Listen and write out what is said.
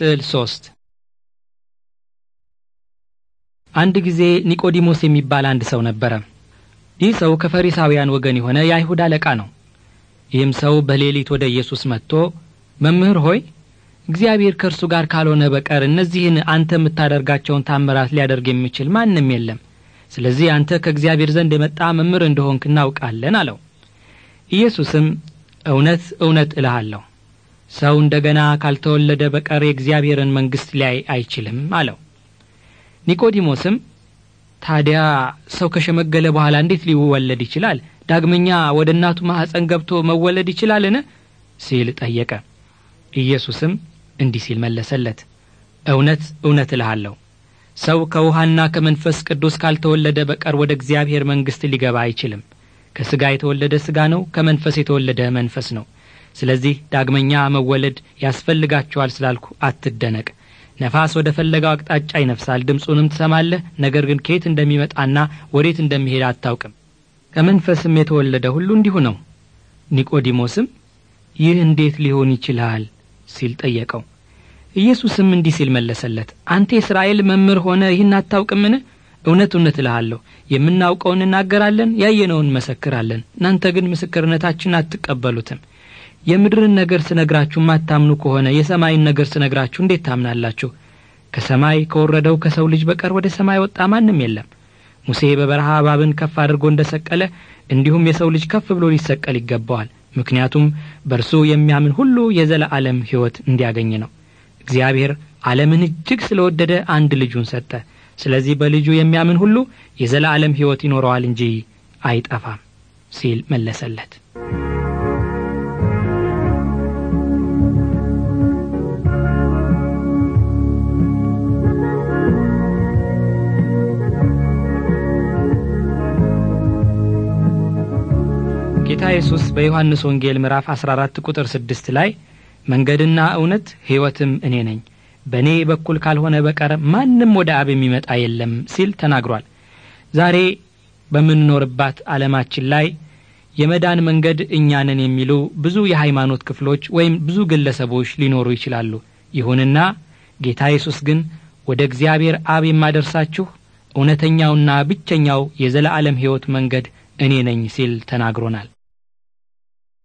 ስዕል ሶስት አንድ ጊዜ ኒቆዲሞስ የሚባል አንድ ሰው ነበረ። ይህ ሰው ከፈሪሳውያን ወገን የሆነ የአይሁድ አለቃ ነው። ይህም ሰው በሌሊት ወደ ኢየሱስ መጥቶ መምህር ሆይ እግዚአብሔር ከእርሱ ጋር ካልሆነ በቀር እነዚህን አንተ የምታደርጋቸውን ታምራት ሊያደርግ የሚችል ማንም የለም። ስለዚህ አንተ ከእግዚአብሔር ዘንድ የመጣ መምህር እንደሆንክ እናውቃለን አለው። ኢየሱስም እውነት እውነት እልሃለሁ ሰው እንደገና ካልተወለደ በቀር የእግዚአብሔርን መንግሥት ሊያይ አይችልም አለው። ኒቆዲሞስም ታዲያ ሰው ከሸመገለ በኋላ እንዴት ሊወለድ ይችላል? ዳግመኛ ወደ እናቱ ማኅፀን ገብቶ መወለድ ይችላልን? ሲል ጠየቀ። ኢየሱስም እንዲህ ሲል መለሰለት፣ እውነት እውነት እልሃለሁ ሰው ከውሃና ከመንፈስ ቅዱስ ካልተወለደ በቀር ወደ እግዚአብሔር መንግሥት ሊገባ አይችልም። ከሥጋ የተወለደ ሥጋ ነው፣ ከመንፈስ የተወለደ መንፈስ ነው። ስለዚህ ዳግመኛ መወለድ ያስፈልጋቸዋል ስላልኩ አትደነቅ ነፋስ ወደ ፈለገው አቅጣጫ ይነፍሳል ድምፁንም ትሰማለህ ነገር ግን ከየት እንደሚመጣና ወዴት እንደሚሄድ አታውቅም ከመንፈስም የተወለደ ሁሉ እንዲሁ ነው ኒቆዲሞስም ይህ እንዴት ሊሆን ይችላል ሲል ጠየቀው ኢየሱስም እንዲህ ሲል መለሰለት አንተ የእስራኤል መምህር ሆነ ይህን አታውቅምን እውነት እውነት እልሃለሁ የምናውቀውን እናገራለን ያየነውን መሰክራለን እናንተ ግን ምስክርነታችን አትቀበሉትም የምድርን ነገር ስነግራችሁ ማታምኑ ከሆነ የሰማይን ነገር ስነግራችሁ እንዴት ታምናላችሁ? ከሰማይ ከወረደው ከሰው ልጅ በቀር ወደ ሰማይ ወጣ ማንም የለም። ሙሴ በበረሃ እባብን ከፍ አድርጎ እንደ ሰቀለ እንዲሁም የሰው ልጅ ከፍ ብሎ ሊሰቀል ይገባዋል። ምክንያቱም በእርሱ የሚያምን ሁሉ የዘለ ዓለም ሕይወት እንዲያገኝ ነው። እግዚአብሔር ዓለምን እጅግ ስለ ወደደ አንድ ልጁን ሰጠ። ስለዚህ በልጁ የሚያምን ሁሉ የዘለ ዓለም ሕይወት ይኖረዋል እንጂ አይጠፋም ሲል መለሰለት። ጌታ ኢየሱስ በዮሐንስ ወንጌል ምዕራፍ 14 ቁጥር 6 ላይ መንገድና እውነት ሕይወትም እኔ ነኝ፣ በእኔ በኩል ካልሆነ በቀር ማንም ወደ አብ የሚመጣ የለም ሲል ተናግሯል። ዛሬ በምንኖርባት ዓለማችን ላይ የመዳን መንገድ እኛንን የሚሉ ብዙ የሃይማኖት ክፍሎች ወይም ብዙ ግለሰቦች ሊኖሩ ይችላሉ። ይሁንና ጌታ ኢየሱስ ግን ወደ እግዚአብሔር አብ የማደርሳችሁ እውነተኛውና ብቸኛው የዘለዓለም ሕይወት መንገድ እኔ ነኝ ሲል ተናግሮናል።